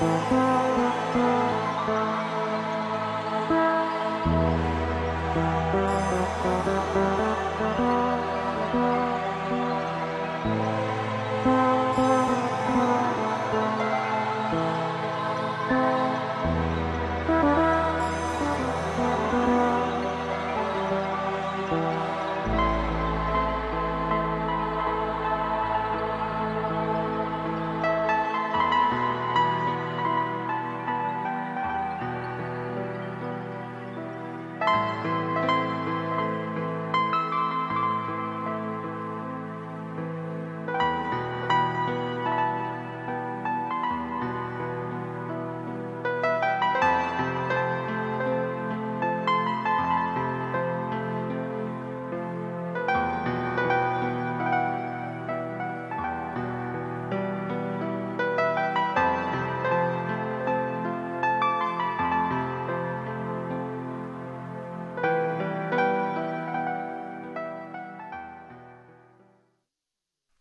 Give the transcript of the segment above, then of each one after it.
Thank you.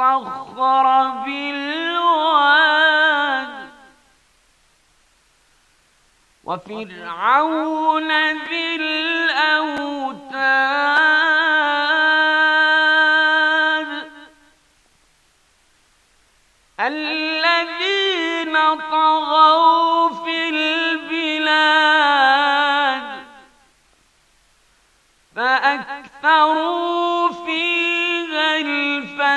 في بالواد وفرعون ذي الأوتاد الذين طغوا في البلاد فأكثروا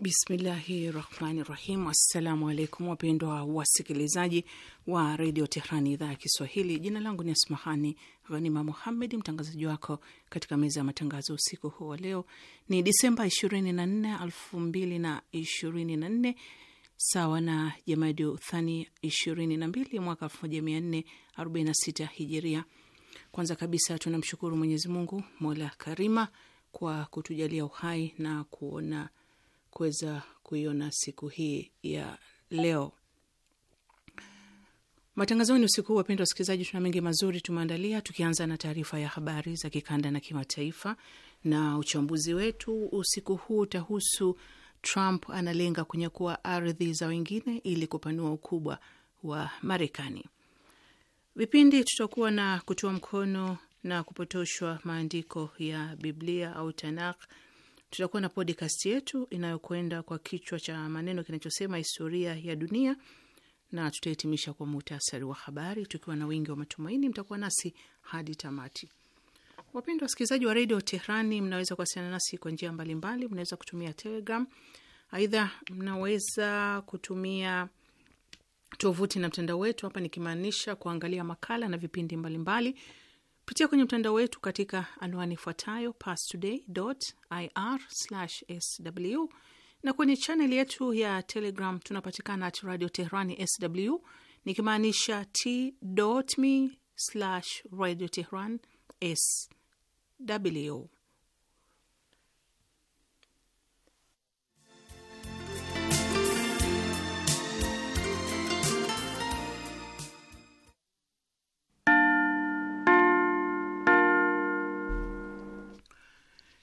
Bismillahi rahmani rahim. Assalamu alaikum wapendwa wasikilizaji wa redio Tehrani, idhaa ya Kiswahili. Jina langu ni Asmahani Ghanima Muhammed, mtangazaji wako katika meza ya matangazo. Usiku huu wa leo ni Disemba 24, 2024 sawa na Jamadi Uthani 22 mwaka 1446 Hijiria. Kwanza kabisa tunamshukuru Mwenyezi Mungu mola karima kwa kutujalia uhai na kuona kuweza kuiona siku hii ya leo. Matangazoni usiku huu, wapendwa wasikilizaji, tuna mengi mazuri tumeandalia, tukianza na taarifa ya habari za kikanda na kimataifa, na uchambuzi wetu usiku huu utahusu Trump analenga kunyakua ardhi za wengine ili kupanua ukubwa wa Marekani. Vipindi tutakuwa na kutoa mkono na kupotoshwa maandiko ya Biblia au Tanakh tutakuwa na podcast yetu inayokwenda kwa kichwa cha maneno kinachosema historia ya dunia, na tutahitimisha kwa muhtasari wa habari, tukiwa na wingi wa matumaini. Mtakuwa nasi hadi tamati. Wapendwa wasikilizaji wa redio Tehrani, mnaweza kuwasiliana nasi kwa njia mbalimbali. Mnaweza kutumia Telegram, aidha mnaweza kutumia tovuti na mtandao wetu, hapa nikimaanisha kuangalia makala na vipindi mbalimbali mbali. Pitia kwenye mtandao wetu katika anwani ifuatayo pastoday.ir/sw na kwenye chaneli yetu ya Telegram tunapatikana at Radio Tehrani sw nikimaanisha t.me/radio Tehran sw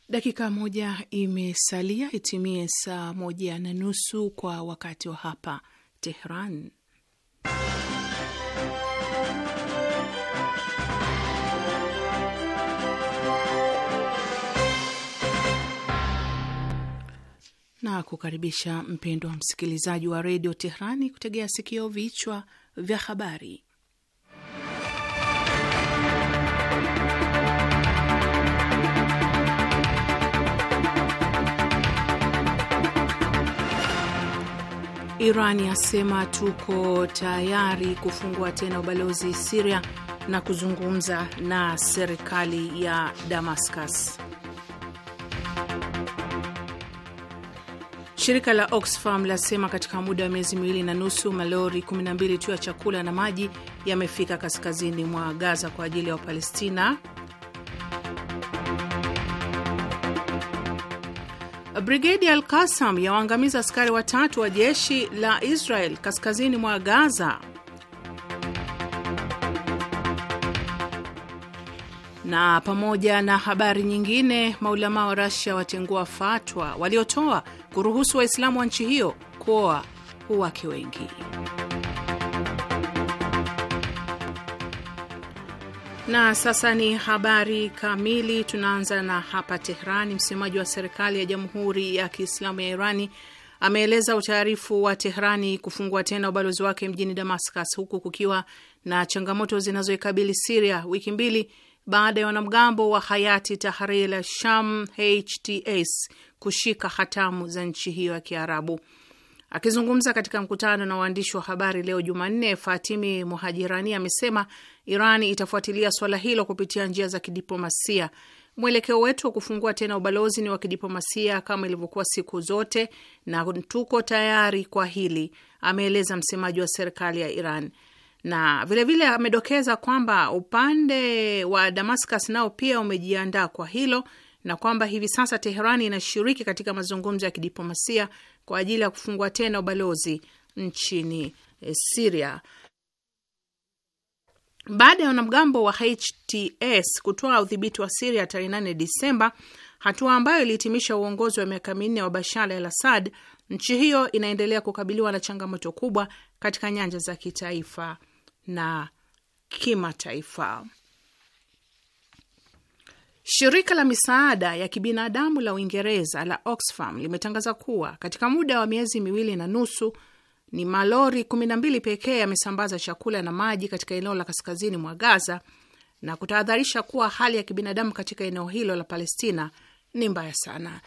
Dakika moja imesalia itimie saa moja na nusu kwa wakati wa hapa Tehran. na kukaribisha mpendwa msikilizaji wa redio Tehrani kutegea sikio vichwa vya habari. Iran yasema tuko tayari kufungua tena ubalozi Siria na kuzungumza na serikali ya Damascus. Shirika la Oxfam lasema katika muda wa miezi miwili na nusu malori 12 tu ya chakula na maji yamefika kaskazini mwa Gaza kwa ajili ya Wapalestina Brigedi Al Kasam yawaangamiza askari watatu wa jeshi la Israel kaskazini mwa Gaza, na pamoja na habari nyingine, maulama wa Rasia watengua fatwa waliotoa kuruhusu Waislamu wa nchi hiyo kuoa wake wengi. Na sasa ni habari kamili. Tunaanza na hapa Tehrani. Msemaji wa serikali ya Jamhuri ya Kiislamu ya Irani ameeleza utaarifu wa Tehrani kufungua tena ubalozi wake mjini Damascus, huku kukiwa na changamoto zinazoikabili Siria wiki mbili baada ya wanamgambo wa Hayati Tahrir al-Sham HTS kushika hatamu za nchi hiyo ya Kiarabu. Akizungumza katika mkutano na waandishi wa habari leo Jumanne, Fatimi Muhajirani amesema Iran itafuatilia swala hilo kupitia njia za kidiplomasia. Mwelekeo wetu wa kufungua tena ubalozi ni wa kidiplomasia kama ilivyokuwa siku zote, na tuko tayari kwa hili, ameeleza msemaji wa serikali ya Iran. Na vilevile vile amedokeza kwamba upande wa Damascus nao pia umejiandaa kwa hilo na kwamba hivi sasa Teherani inashiriki katika mazungumzo ya kidiplomasia kwa ajili ya kufungua tena ubalozi nchini eh, Siria baada ya wanamgambo wa HTS kutoa udhibiti wa Siria tarehe 8 Disemba, hatua ambayo ilihitimisha uongozi wa miaka minne wa Bashar al Assad. Nchi hiyo inaendelea kukabiliwa na changamoto kubwa katika nyanja za kitaifa na kimataifa. Shirika la misaada ya kibinadamu la Uingereza la Oxfam limetangaza kuwa katika muda wa miezi miwili na nusu ni malori 12 pekee yamesambaza chakula na maji katika eneo la kaskazini mwa Gaza na kutahadharisha kuwa hali ya kibinadamu katika eneo hilo la Palestina ni mbaya sana.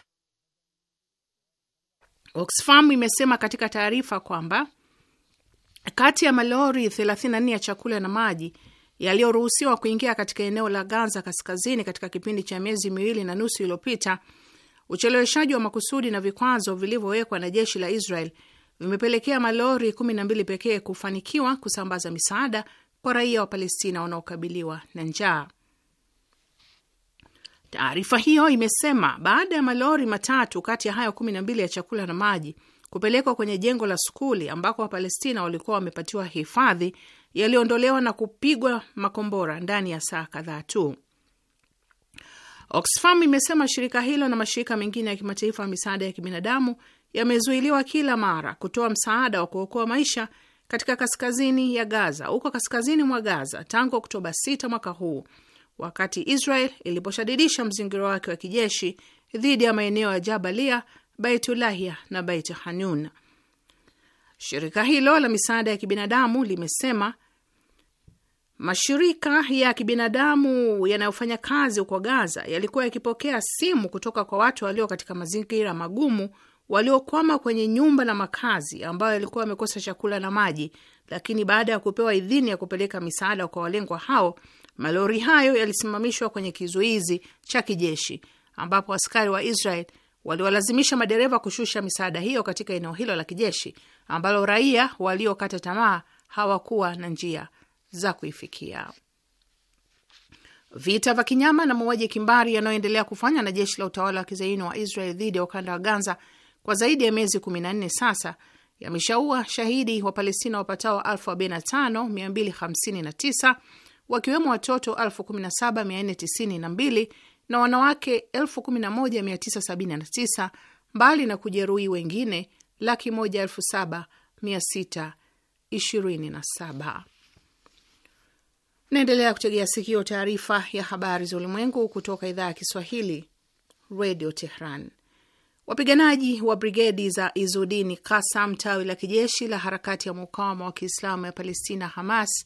Oxfam imesema katika taarifa kwamba kati ya malori 34 ya chakula na maji yaliyoruhusiwa kuingia katika eneo la Gaza kaskazini katika kipindi cha miezi miwili na nusu iliyopita, ucheleweshaji wa makusudi na vikwazo vilivyowekwa na jeshi la Israel vimepelekea malori 12 pekee kufanikiwa kusambaza misaada kwa raia wa Palestina wanaokabiliwa na njaa. Taarifa hiyo imesema baada ya malori matatu kati ya hayo 12 ya chakula na maji kupelekwa kwenye jengo la skuli ambako Wapalestina walikuwa wamepatiwa hifadhi yaliondolewa na kupigwa makombora ndani ya saa kadhaa tu. Oxfam imesema shirika hilo na mashirika mengine ya kimataifa ya misaada ya kibinadamu yamezuiliwa kila mara kutoa msaada wa kuokoa maisha katika kaskazini ya Gaza, huko kaskazini mwa Gaza tangu Oktoba 6 mwaka huu, wakati Israel iliposhadidisha mzingiro wake wa kijeshi dhidi ya maeneo ya Jabalia, Baitulahia na Bait Hanun. Shirika hilo la misaada ya kibinadamu limesema mashirika ya kibinadamu yanayofanya kazi huko Gaza yalikuwa yakipokea simu kutoka kwa watu walio katika mazingira magumu waliokwama kwenye nyumba na makazi ambayo yalikuwa yamekosa chakula na maji, lakini baada ya kupewa idhini ya kupeleka misaada kwa walengwa hao, malori hayo yalisimamishwa kwenye kizuizi cha kijeshi, ambapo askari wa Israel waliwalazimisha madereva kushusha misaada hiyo katika eneo hilo la kijeshi ambalo raia waliokata tamaa hawakuwa na njia za kuifikia. Vita vya kinyama na mauaji ya kimbari yanayoendelea kufanywa na jeshi la utawala wa kizaini wa Israel dhidi ya ukanda wa Gaza kwa zaidi ya miezi 14 sasa yameshaua shahidi wa Palestina wapatao 45259 wakiwemo watoto 17492 na wanawake 11979 mbali na kujeruhi wengine laki moja elfu saba mia sita ishirini na saba. Naendelea kutegea sikio taarifa ya habari za ulimwengu kutoka idhaa ya Kiswahili, Radio Tehran. Wapiganaji wa brigedi za Izudini Kasam, tawi la kijeshi la harakati ya mukawama wa Kiislamu ya Palestina, Hamas,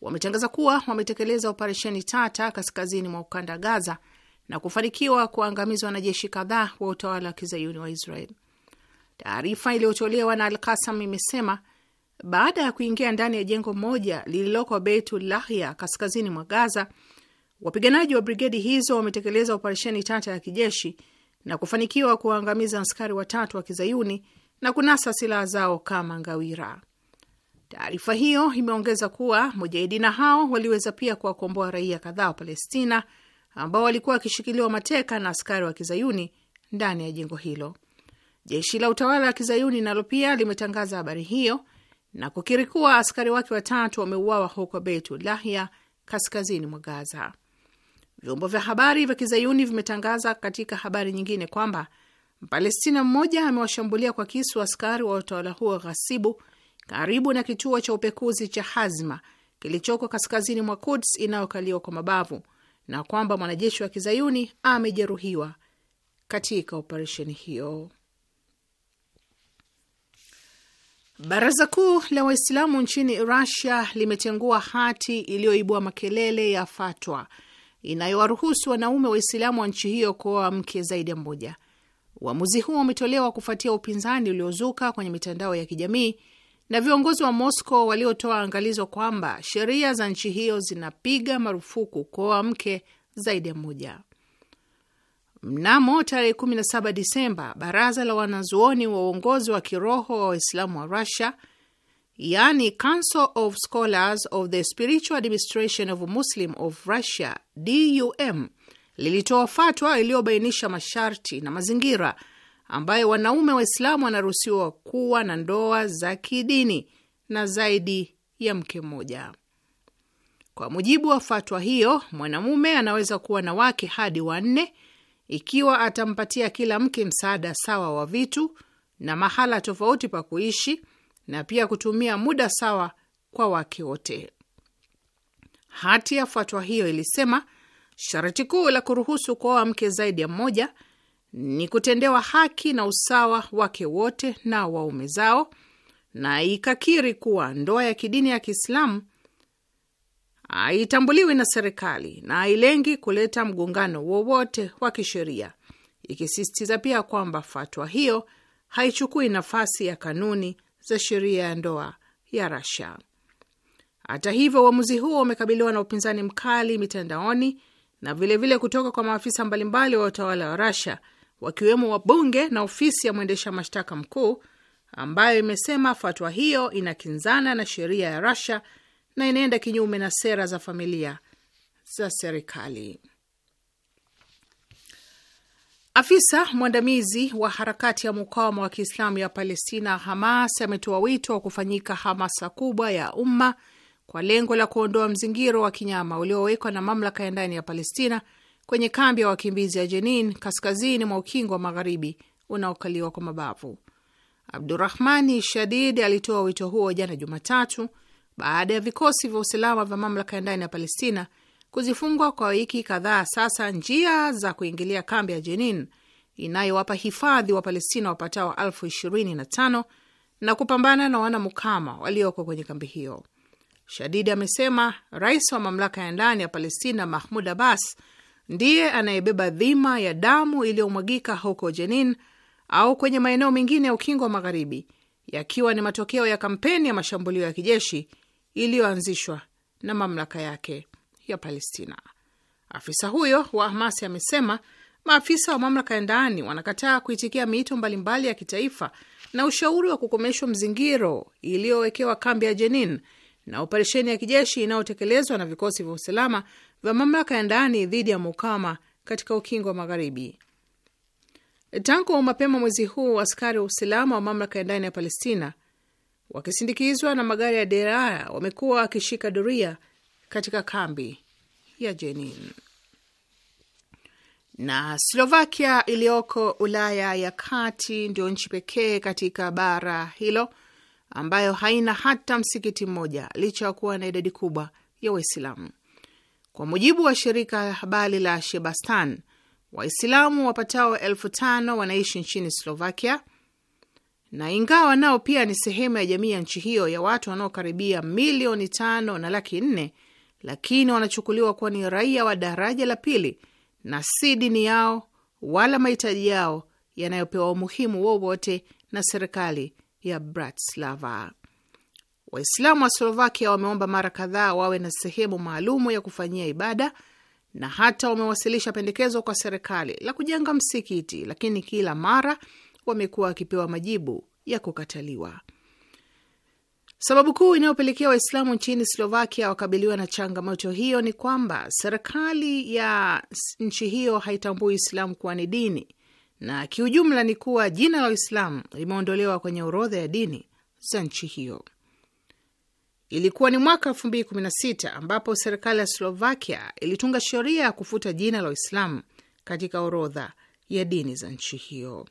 wametangaza kuwa wametekeleza operesheni tata kaskazini mwa ukanda Gaza na kufanikiwa kuangamiza wanajeshi kadhaa wa utawala wa kizayuni wa Israel. Taarifa iliyotolewa na Alkasam imesema baada ya kuingia ndani ya jengo moja lililoko Beitul Lahya kaskazini mwa Gaza, wapiganaji wa brigedi hizo wametekeleza operesheni tata ya kijeshi na kufanikiwa kuwaangamiza askari watatu wa kizayuni na kunasa silaha zao kama ngawira. Taarifa hiyo imeongeza kuwa mujahidina hao waliweza pia kuwakomboa raia kadhaa wa Palestina ambao walikuwa wakishikiliwa mateka na askari wa kizayuni ndani ya jengo hilo. Jeshi la utawala wa kizayuni nalo pia limetangaza habari hiyo na kukiri kuwa askari wake watatu wameuawa huko Beitul Lahya, kaskazini mwa Gaza. Vyombo vya habari vya kizayuni vimetangaza katika habari nyingine kwamba Mpalestina mmoja amewashambulia kwa kisu askari wa utawala huo ghasibu karibu na kituo cha upekuzi cha Hazma kilichoko kaskazini mwa Kuds inayokaliwa kwa mabavu na kwamba mwanajeshi wa kizayuni amejeruhiwa katika operesheni hiyo. Baraza Kuu la Waislamu nchini rasia limetengua hati iliyoibua makelele ya fatwa inayowaruhusu wanaume Waislamu wa nchi hiyo kuoa mke zaidi ya mmoja. Uamuzi huo umetolewa kufuatia upinzani uliozuka kwenye mitandao ya kijamii na viongozi wa Moscow waliotoa angalizo kwamba sheria za nchi hiyo zinapiga marufuku kuoa mke zaidi ya mmoja. Mnamo tarehe 17 Disemba, baraza la wanazuoni wa uongozi wa kiroho wa Waislamu wa Russia, yani Council of Scholars of the Spiritual Administration of Muslim of Russia DUM, lilitoa fatwa iliyobainisha masharti na mazingira ambayo wanaume Waislamu wanaruhusiwa kuwa na ndoa za kidini na zaidi ya mke mmoja. Kwa mujibu wa fatwa hiyo, mwanamume anaweza kuwa na wake hadi wanne ikiwa atampatia kila mke msaada sawa wa vitu na mahala tofauti pa kuishi na pia kutumia muda sawa kwa wake wote. Hati ya fatwa hiyo ilisema sharti kuu la kuruhusu kuoa mke zaidi ya mmoja ni kutendewa haki na usawa wake wote na waume zao, na ikakiri kuwa ndoa ya kidini ya Kiislamu haitambuliwi na serikali na hailengi kuleta mgongano wowote wa kisheria, ikisisitiza pia kwamba fatwa hiyo haichukui nafasi ya kanuni za sheria ya ndoa ya rasia Hata hivyo, uamuzi huo umekabiliwa na upinzani mkali mitandaoni na vilevile vile kutoka kwa maafisa mbalimbali wa utawala wa rasia wakiwemo wabunge na ofisi ya mwendesha mashtaka mkuu ambayo imesema fatwa hiyo inakinzana na sheria ya rasia na inaenda kinyume na sera za familia za serikali. Afisa mwandamizi wa harakati ya mukawama wa Kiislamu ya Palestina, Hamas, ametoa wito wa kufanyika hamasa kubwa ya umma kwa lengo la kuondoa mzingiro wa kinyama uliowekwa na mamlaka ya ndani ya Palestina kwenye kambi ya wakimbizi ya Jenin, kaskazini mwa ukingo wa magharibi unaokaliwa kwa mabavu. Abdurahmani Shadid alitoa wito huo jana Jumatatu baada ya vikosi vya usalama vya mamlaka ya ndani ya Palestina kuzifungwa kwa wiki kadhaa sasa njia za kuingilia kambi ya Jenin inayowapa hifadhi wa Palestina wapatao elfu ishirini na tano na kupambana na wanamukama walioko kwenye kambi hiyo. Shadidi amesema rais wa mamlaka ya ndani ya Palestina Mahmud Abbas ndiye anayebeba dhima ya damu iliyomwagika huko Jenin au kwenye maeneo mengine ya ukingo wa Magharibi, yakiwa ni matokeo ya kampeni ya mashambulio ya kijeshi iliyoanzishwa na mamlaka yake ya Palestina. Afisa huyo wa Hamas amesema maafisa wa mamlaka ya ndani wanakataa kuitikia miito mbalimbali ya kitaifa na ushauri wa kukomeshwa mzingiro iliyowekewa kambi ya Jenin na operesheni ya kijeshi inayotekelezwa na vikosi vya usalama vya mamlaka ya ndani dhidi ya Mukama katika ukingo wa Magharibi. Tangu mapema mwezi huu askari wa usalama wa mamlaka ya ndani ya Palestina wakisindikizwa na magari ya deraya wamekuwa wakishika doria katika kambi ya Jenin. Na Slovakia iliyoko Ulaya ya kati ndio nchi pekee katika bara hilo ambayo haina hata msikiti mmoja licha ya kuwa na idadi kubwa ya Waislamu. Kwa mujibu wa shirika la habari la Shebastan, Waislamu wapatao elfu tano wanaishi nchini Slovakia na ingawa nao pia ni sehemu ya jamii ya nchi hiyo ya watu wanaokaribia milioni tano na laki nne, lakini wanachukuliwa kuwa ni raia wa daraja la pili na si dini yao wala mahitaji yao yanayopewa umuhimu wowote na serikali ya Bratislava. Waislamu wa Slovakia wameomba mara kadhaa wawe na sehemu maalumu ya kufanyia ibada na hata wamewasilisha pendekezo kwa serikali la kujenga msikiti, lakini kila mara wamekuwa wakipewa majibu ya kukataliwa. Sababu kuu inayopelekea Waislamu nchini Slovakia wakabiliwa na changamoto hiyo ni kwamba serikali ya nchi hiyo haitambui Uislamu kuwa ni dini, na kiujumla ni kuwa jina la Uislamu limeondolewa kwenye orodha ya dini za nchi hiyo. Ilikuwa ni mwaka sita ambapo serikali ya Slovakia ilitunga sheria ya kufuta jina la Uislamu katika orodha ya dini za nchi hiyo.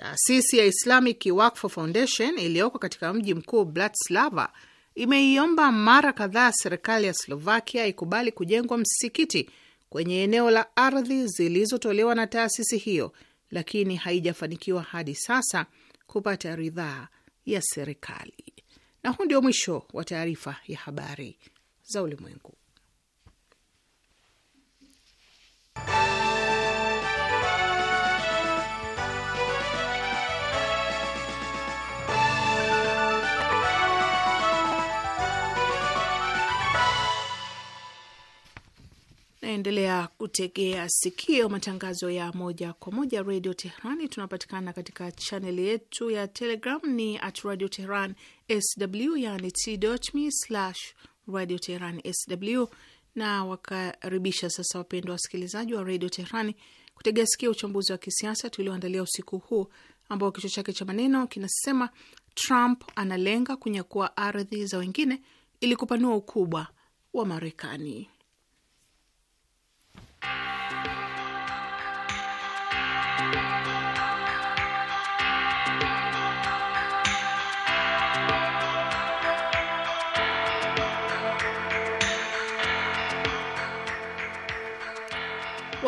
Taasisi ya Islamic Waqf Foundation iliyoko katika mji mkuu Bratislava imeiomba mara kadhaa serikali ya Slovakia ikubali kujengwa msikiti kwenye eneo la ardhi zilizotolewa na taasisi hiyo, lakini haijafanikiwa hadi sasa kupata ridhaa ya serikali. Na huu ndio mwisho wa taarifa ya habari za ulimwengu. Naendelea kutegea sikio matangazo ya moja kwa moja redio Teherani. Tunapatikana katika chaneli yetu ya Telegram ni at radio Teheran sw, yani t.me slash radio Teheran sw. Na wakaribisha sasa wapendwa wasikilizaji wa redio Teherani kutegea sikio uchambuzi wa kisiasa tulioandalia usiku huu ambao kichwa chake cha maneno kinasema Trump analenga kunyakua ardhi za wengine ili kupanua ukubwa wa Marekani.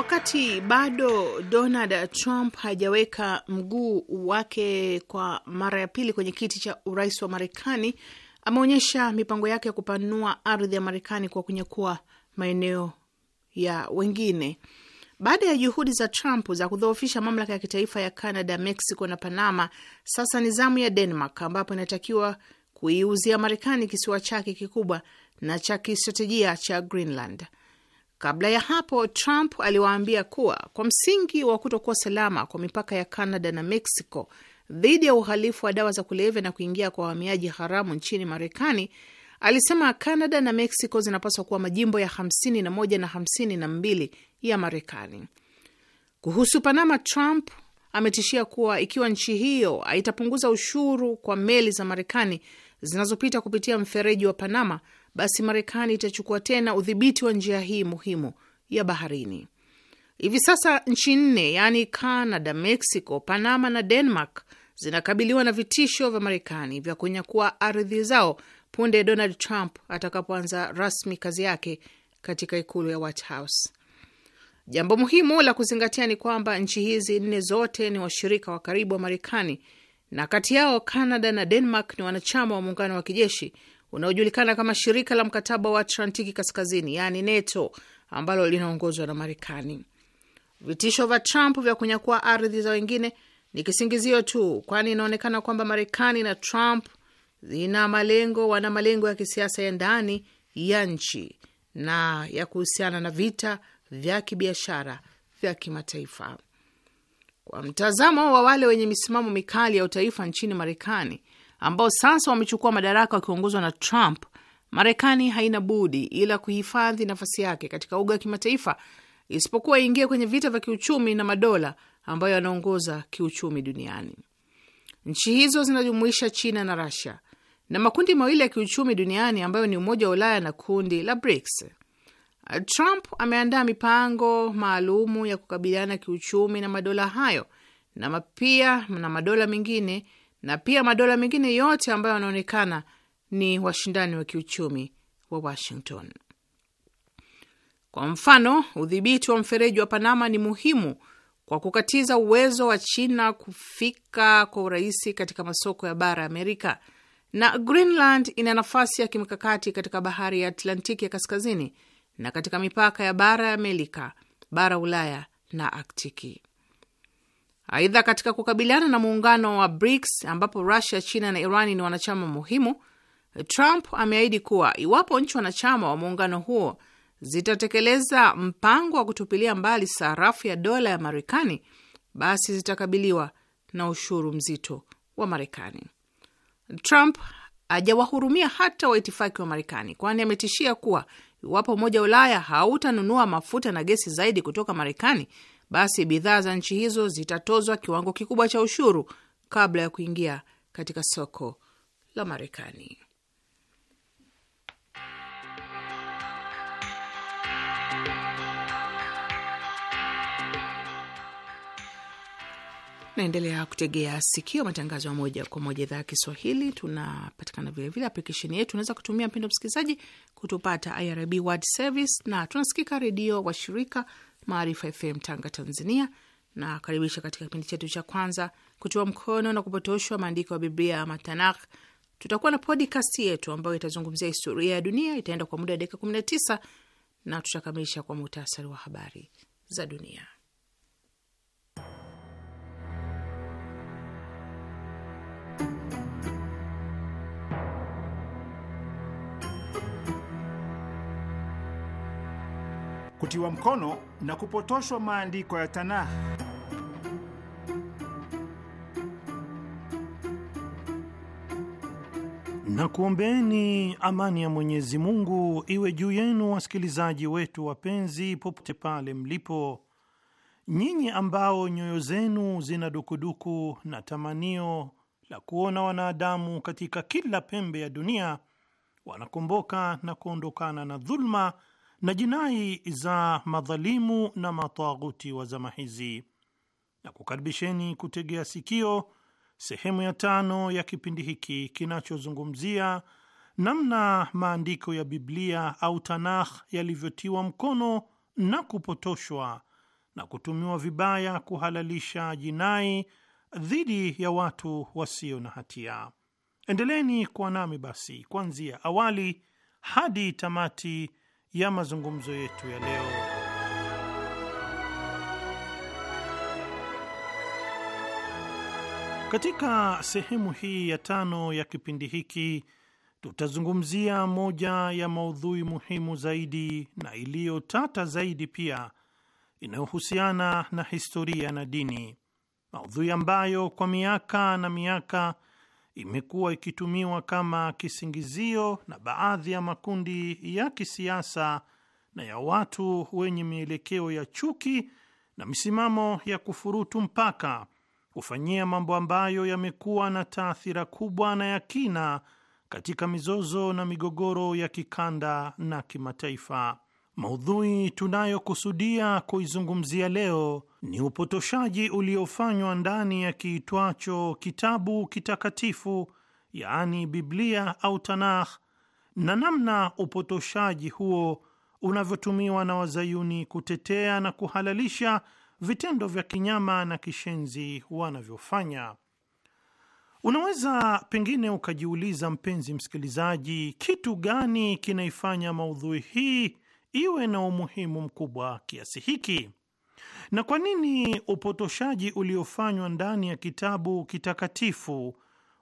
Wakati bado Donald Trump hajaweka mguu wake kwa mara ya pili kwenye kiti cha urais wa Marekani, ameonyesha mipango yake ya kupanua ardhi ya Marekani kwa kunyakua maeneo ya wengine. Baada ya juhudi za Trump za kudhoofisha mamlaka ya kitaifa ya Canada, Mexico na Panama, sasa ni zamu ya Denmark, ambapo inatakiwa kuiuzia Marekani kisiwa chake kikubwa na cha kistratejia cha Greenland. Kabla ya hapo, Trump aliwaambia kuwa kwa msingi wa kutokuwa salama kwa mipaka ya Canada na Mexico dhidi ya uhalifu wa dawa za kulevya na kuingia kwa wahamiaji haramu nchini Marekani, alisema Canada na Mexico zinapaswa kuwa majimbo ya 51 na 52 ya Marekani. Kuhusu Panama, Trump ametishia kuwa ikiwa nchi hiyo haitapunguza ushuru kwa meli za Marekani zinazopita kupitia mfereji wa Panama basi Marekani itachukua tena udhibiti wa njia hii muhimu ya baharini. Hivi sasa nchi nne yaani Canada, Mexico, Panama na Denmark zinakabiliwa na vitisho vya Marekani vya kunyakua ardhi zao punde Donald Trump atakapoanza rasmi kazi yake katika ikulu ya White House. Jambo muhimu la kuzingatia ni kwamba nchi hizi nne zote ni washirika wa karibu wa Marekani, na kati yao Canada na Denmark ni wanachama wa muungano wa kijeshi unaojulikana kama shirika la mkataba wa Atlantiki Kaskazini, yaani NATO, ambalo linaongozwa na Marekani. Vitisho vya Trump vya kunyakua ardhi za wengine ni kisingizio tu, kwani inaonekana kwamba Marekani na Trump zina malengo, wana malengo ya kisiasa ya ndani ya nchi na ya kuhusiana na vita vya kibiashara vya kimataifa. Kwa mtazamo wa wale wenye misimamo mikali ya utaifa nchini Marekani, ambao sasa wamechukua madaraka wakiongozwa na Trump, Marekani haina budi ila kuhifadhi nafasi yake katika uga wa kimataifa, isipokuwa iingie kwenye vita vya kiuchumi na madola ambayo yanaongoza kiuchumi duniani. Nchi hizo zinajumuisha China na rusia na makundi mawili ya kiuchumi duniani ambayo ni Umoja wa Ulaya na kundi la BRICS. Trump ameandaa mipango maalumu ya kukabiliana kiuchumi na madola hayo na pia na madola mengine na pia madola mengine yote ambayo wanaonekana ni washindani wa kiuchumi wa Washington. Kwa mfano, udhibiti wa mfereji wa Panama ni muhimu kwa kukatiza uwezo wa China kufika kwa urahisi katika masoko ya bara ya Amerika, na Greenland ina nafasi ya kimkakati katika bahari ya Atlantiki ya kaskazini na katika mipaka ya bara ya Amerika, bara Ulaya na Aktiki. Aidha, katika kukabiliana na muungano wa BRICS ambapo Rusia, China na Irani ni wanachama muhimu, Trump ameahidi kuwa iwapo nchi wanachama wa muungano huo zitatekeleza mpango wa kutupilia mbali sarafu ya dola ya Marekani, basi zitakabiliwa na ushuru mzito wa Marekani. Trump hajawahurumia hata waitifaki wa Marekani, kwani ametishia kuwa iwapo Umoja wa Ulaya hautanunua mafuta na gesi zaidi kutoka Marekani, basi bidhaa za nchi hizo zitatozwa kiwango kikubwa cha ushuru kabla ya kuingia katika soko la Marekani. Naendelea kutegea sikio matangazo ya moja kwa moja idhaa ya Kiswahili. Tunapatikana vilevile aplikesheni yetu, unaweza kutumia mpendo msikilizaji kutupata IRIB World Service, na tunasikika redio washirika Maarifa FM Tanga, Tanzania. Na karibisha katika kipindi chetu cha kwanza, kutoa mkono na kupotoshwa maandiko ya Biblia ama Tanakh. Tutakuwa na podcast yetu ambayo itazungumzia historia ya dunia, itaenda kwa muda wa dakika 19 na tutakamilisha kwa muhtasari wa habari za dunia. kutiwa mkono na kupotoshwa maandiko ya Tanakh. Na kuombeni amani ya Mwenyezi Mungu iwe juu yenu, wasikilizaji wetu wapenzi, popote pale mlipo, nyinyi ambao nyoyo zenu zina dukuduku na tamanio la kuona wanadamu katika kila pembe ya dunia wanakomboka na kuondokana na dhuluma na jinai za madhalimu na matwaguti wa zama hizi, na kukaribisheni kutegea sikio sehemu ya tano ya kipindi hiki kinachozungumzia namna maandiko ya Biblia au Tanakh yalivyotiwa mkono na kupotoshwa na kutumiwa vibaya kuhalalisha jinai dhidi ya watu wasio na hatia. endeleni kuwa nami basi kuanzia awali hadi tamati ya mazungumzo yetu ya leo. Katika sehemu hii ya tano ya kipindi hiki tutazungumzia moja ya maudhui muhimu zaidi na iliyotata zaidi pia inayohusiana na historia na dini, maudhui ambayo kwa miaka na miaka imekuwa ikitumiwa kama kisingizio na baadhi ya makundi ya kisiasa na ya watu wenye mielekeo ya chuki na misimamo ya kufurutu mpaka kufanyia mambo ambayo yamekuwa na taathira kubwa na ya kina katika mizozo na migogoro ya kikanda na kimataifa. Maudhui tunayokusudia kuizungumzia leo ni upotoshaji uliofanywa ndani ya kiitwacho kitabu kitakatifu, yaani Biblia au Tanakh, na namna upotoshaji huo unavyotumiwa na wazayuni kutetea na kuhalalisha vitendo vya kinyama na kishenzi wanavyofanya. Unaweza pengine ukajiuliza, mpenzi msikilizaji, kitu gani kinaifanya maudhui hii iwe na umuhimu mkubwa kiasi hiki? Na kwa nini upotoshaji uliofanywa ndani ya kitabu kitakatifu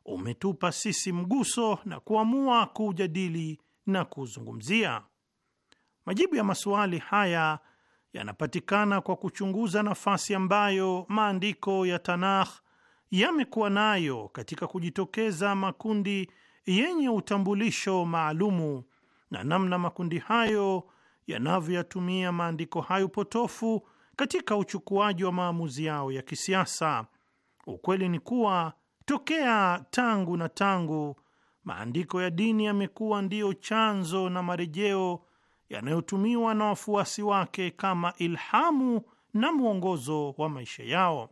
umetupa sisi mguso na kuamua kuujadili na kuuzungumzia? Majibu ya masuali haya yanapatikana kwa kuchunguza nafasi ambayo maandiko ya Tanakh yamekuwa nayo katika kujitokeza makundi yenye utambulisho maalumu na namna makundi hayo yanavyoyatumia maandiko hayo potofu katika uchukuaji wa maamuzi yao ya kisiasa. Ukweli ni kuwa tokea tangu na tangu, maandiko ya dini yamekuwa ndiyo chanzo na marejeo yanayotumiwa na wafuasi wake kama ilhamu na mwongozo wa maisha yao.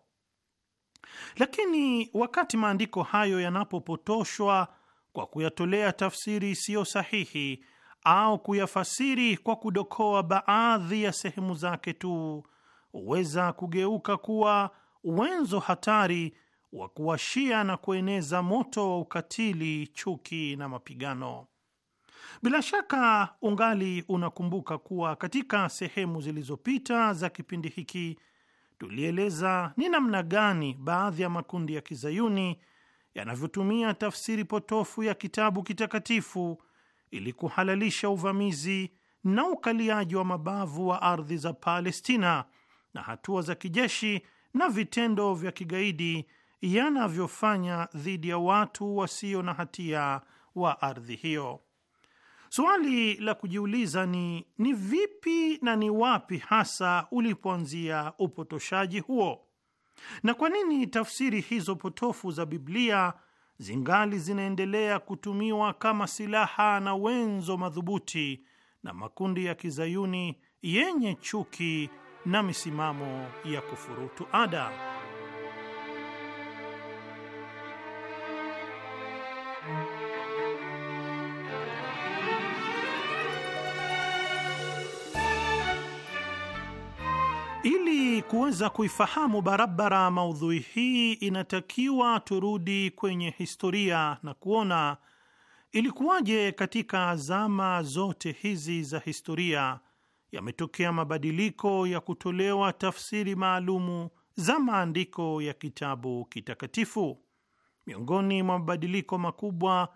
Lakini wakati maandiko hayo yanapopotoshwa kwa kuyatolea tafsiri isiyo sahihi au kuyafasiri kwa kudokoa baadhi ya sehemu zake tu, huweza kugeuka kuwa wenzo hatari wa kuwashia na kueneza moto wa ukatili, chuki na mapigano. Bila shaka ungali unakumbuka kuwa katika sehemu zilizopita za kipindi hiki tulieleza ni namna gani baadhi ya makundi ya kizayuni yanavyotumia tafsiri potofu ya kitabu kitakatifu ili kuhalalisha uvamizi na ukaliaji wa mabavu wa ardhi za Palestina na hatua za kijeshi na vitendo vya kigaidi yanavyofanya dhidi ya watu wasio na hatia wa ardhi hiyo. Suali la kujiuliza ni ni vipi na ni wapi hasa ulipoanzia upotoshaji huo, na kwa nini tafsiri hizo potofu za Biblia zingali zinaendelea kutumiwa kama silaha na wenzo madhubuti na makundi ya kizayuni yenye chuki na misimamo ya kufurutu ada. Ili kuweza kuifahamu barabara maudhui hii, inatakiwa turudi kwenye historia na kuona ilikuwaje katika zama zote hizi za historia yametokea mabadiliko ya kutolewa tafsiri maalumu za maandiko ya kitabu kitakatifu. Miongoni mwa mabadiliko makubwa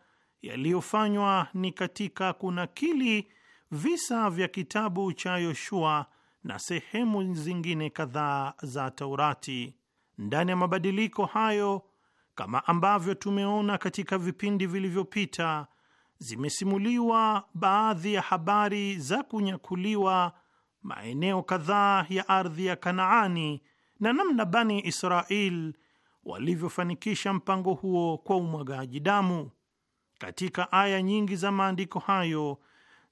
yaliyofanywa ni katika kunakili visa vya kitabu cha Yoshua na sehemu zingine kadhaa za Taurati. Ndani ya mabadiliko hayo, kama ambavyo tumeona katika vipindi vilivyopita, zimesimuliwa baadhi ya habari za kunyakuliwa maeneo kadhaa ya ardhi ya Kanaani na namna Bani Israel walivyofanikisha mpango huo kwa umwagaji damu. Katika aya nyingi za maandiko hayo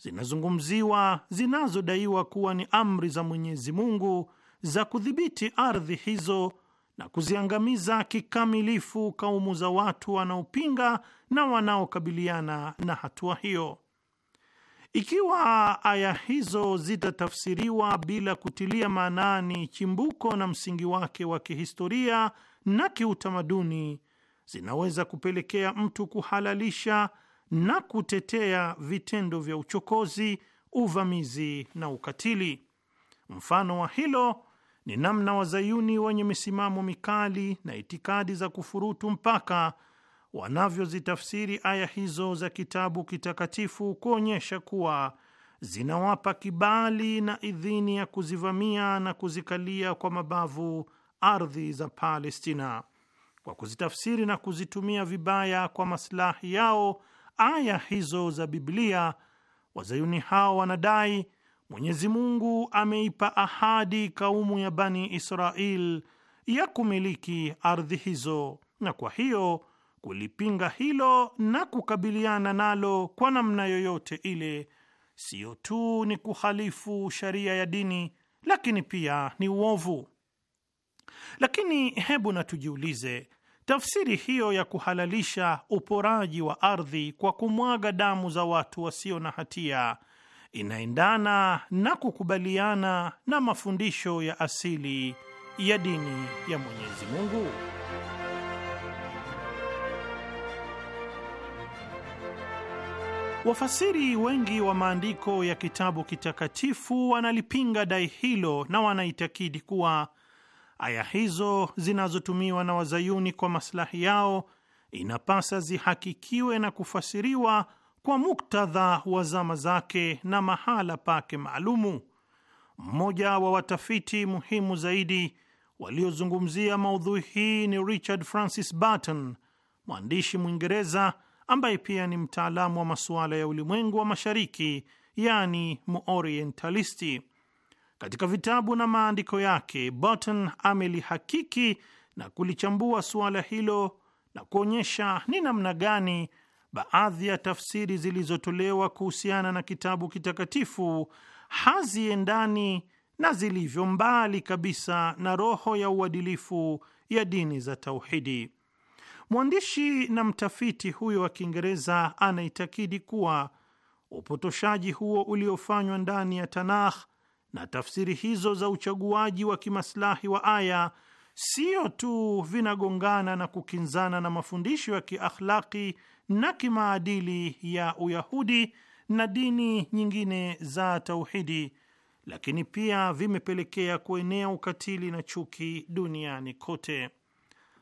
zinazungumziwa zinazodaiwa kuwa ni amri za Mwenyezi Mungu za kudhibiti ardhi hizo na kuziangamiza kikamilifu kaumu za watu wanaopinga na wanaokabiliana na hatua hiyo. Ikiwa aya hizo zitatafsiriwa bila kutilia maanani chimbuko na msingi wake wa kihistoria na kiutamaduni, zinaweza kupelekea mtu kuhalalisha na kutetea vitendo vya uchokozi, uvamizi na ukatili. Mfano wa hilo ni namna wazayuni wenye misimamo mikali na itikadi za kufurutu mpaka wanavyozitafsiri aya hizo za kitabu kitakatifu kuonyesha kuwa zinawapa kibali na idhini ya kuzivamia na kuzikalia kwa mabavu ardhi za Palestina kwa kuzitafsiri na kuzitumia vibaya kwa maslahi yao aya hizo za Biblia, wazayuni hao wanadai Mwenyezi Mungu ameipa ahadi kaumu ya Bani Israel ya kumiliki ardhi hizo, na kwa hiyo kulipinga hilo na kukabiliana nalo kwa namna yoyote ile siyo tu ni kuhalifu sharia ya dini, lakini pia ni uovu. Lakini hebu na tujiulize Tafsiri hiyo ya kuhalalisha uporaji wa ardhi kwa kumwaga damu za watu wasio na hatia inaendana na kukubaliana na mafundisho ya asili ya dini ya Mwenyezi Mungu. Wafasiri wengi wa maandiko ya kitabu kitakatifu wanalipinga dai hilo na wanaitakidi kuwa aya hizo zinazotumiwa na wazayuni kwa maslahi yao inapasa zihakikiwe na kufasiriwa kwa muktadha wa zama zake na mahala pake maalumu. Mmoja wa watafiti muhimu zaidi waliozungumzia maudhui hii ni Richard Francis Burton, mwandishi Mwingereza ambaye pia ni mtaalamu wa masuala ya ulimwengu wa mashariki, yani muorientalisti. Katika vitabu na maandiko yake, bton amelihakiki na kulichambua suala hilo na kuonyesha ni namna gani baadhi ya tafsiri zilizotolewa kuhusiana na kitabu kitakatifu haziendani na zilivyo mbali kabisa na roho ya uadilifu ya dini za tauhidi. Mwandishi na mtafiti huyo wa Kiingereza anaitakidi kuwa upotoshaji huo uliofanywa ndani ya Tanakh na tafsiri hizo za uchaguaji wa kimaslahi wa aya sio tu vinagongana na kukinzana na mafundisho ya kiakhlaki na kimaadili ya Uyahudi na dini nyingine za tauhidi, lakini pia vimepelekea kuenea ukatili na chuki duniani kote.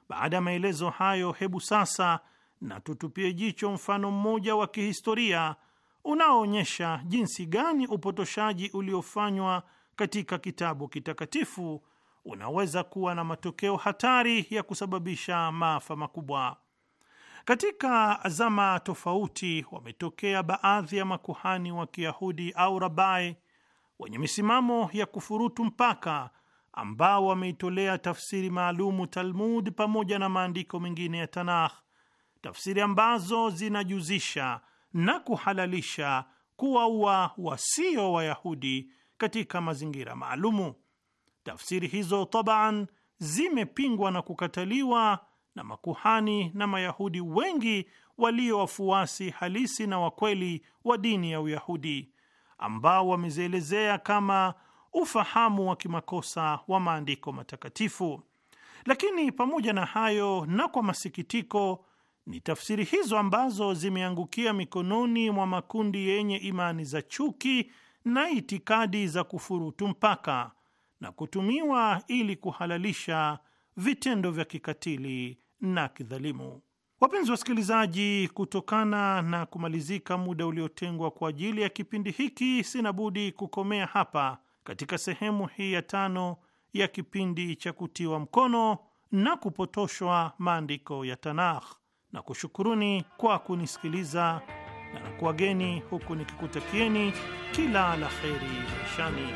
Baada ya maelezo hayo, hebu sasa na tutupie jicho mfano mmoja wa kihistoria unaoonyesha jinsi gani upotoshaji uliofanywa katika kitabu kitakatifu unaweza kuwa na matokeo hatari ya kusababisha maafa makubwa. Katika azama tofauti, wametokea baadhi ya makuhani wa Kiyahudi au rabai wenye misimamo ya kufurutu mpaka ambao wameitolea tafsiri maalumu Talmud pamoja na maandiko mengine ya Tanakh, tafsiri ambazo zinajuzisha na kuhalalisha kuwaua wasio Wayahudi katika mazingira maalumu. Tafsiri hizo taban zimepingwa na kukataliwa na makuhani na Mayahudi wengi walio wafuasi halisi na wakweli wa dini ya Uyahudi ambao wamezielezea kama ufahamu wa kimakosa wa maandiko matakatifu. Lakini pamoja na hayo, na kwa masikitiko, ni tafsiri hizo ambazo zimeangukia mikononi mwa makundi yenye imani za chuki na itikadi za kufurutu mpaka na kutumiwa ili kuhalalisha vitendo vya kikatili na kidhalimu. Wapenzi wasikilizaji, kutokana na kumalizika muda uliotengwa kwa ajili ya kipindi hiki, sina budi kukomea hapa katika sehemu hii ya tano ya kipindi cha kutiwa mkono na kupotoshwa maandiko ya Tanakh na kushukuruni kwa kunisikiliza na nakuwageni huku nikikutakieni kila la kheri maishani.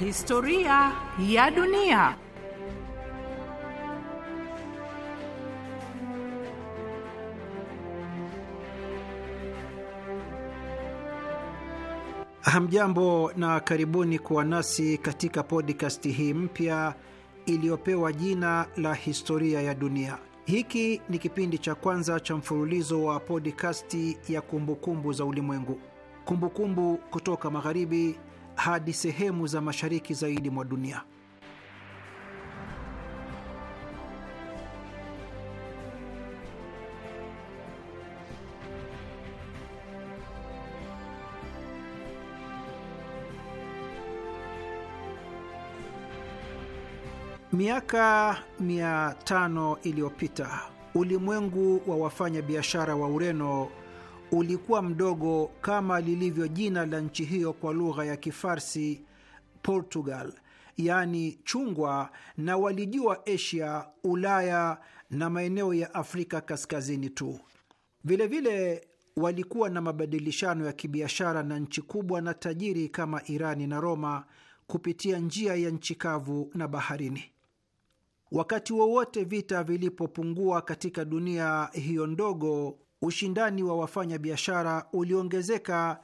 Historia ya dunia. Hamjambo na karibuni kuwa nasi katika podcast hii mpya iliyopewa jina la Historia ya Dunia. Hiki ni kipindi cha kwanza cha mfululizo wa podcast ya kumbukumbu za ulimwengu. Kumbukumbu kutoka magharibi hadi sehemu za mashariki zaidi mwa dunia. Miaka mia tano iliyopita ulimwengu wa wafanya biashara wa Ureno ulikuwa mdogo kama lilivyo jina la nchi hiyo kwa lugha ya Kifarsi, Portugal, yaani chungwa, na walijua Asia, Ulaya na maeneo ya Afrika kaskazini tu. Vilevile vile walikuwa na mabadilishano ya kibiashara na nchi kubwa na tajiri kama Irani na Roma kupitia njia ya nchi kavu na baharini. Wakati wowote vita vilipopungua katika dunia hiyo ndogo, ushindani wa wafanya biashara uliongezeka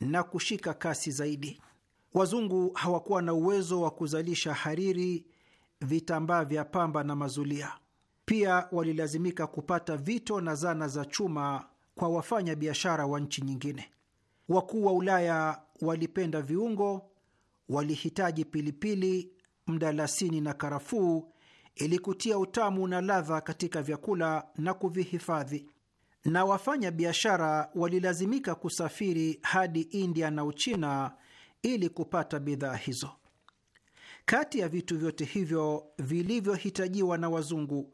na kushika kasi zaidi. Wazungu hawakuwa na uwezo wa kuzalisha hariri, vitambaa vya pamba na mazulia. Pia walilazimika kupata vito na zana za chuma kwa wafanya biashara wa nchi nyingine. Wakuu wa Ulaya walipenda viungo, walihitaji pilipili, mdalasini na karafuu ili kutia utamu na ladha katika vyakula na kuvihifadhi na wafanya biashara walilazimika kusafiri hadi India na Uchina ili kupata bidhaa hizo. Kati ya vitu vyote hivyo vilivyohitajiwa na wazungu,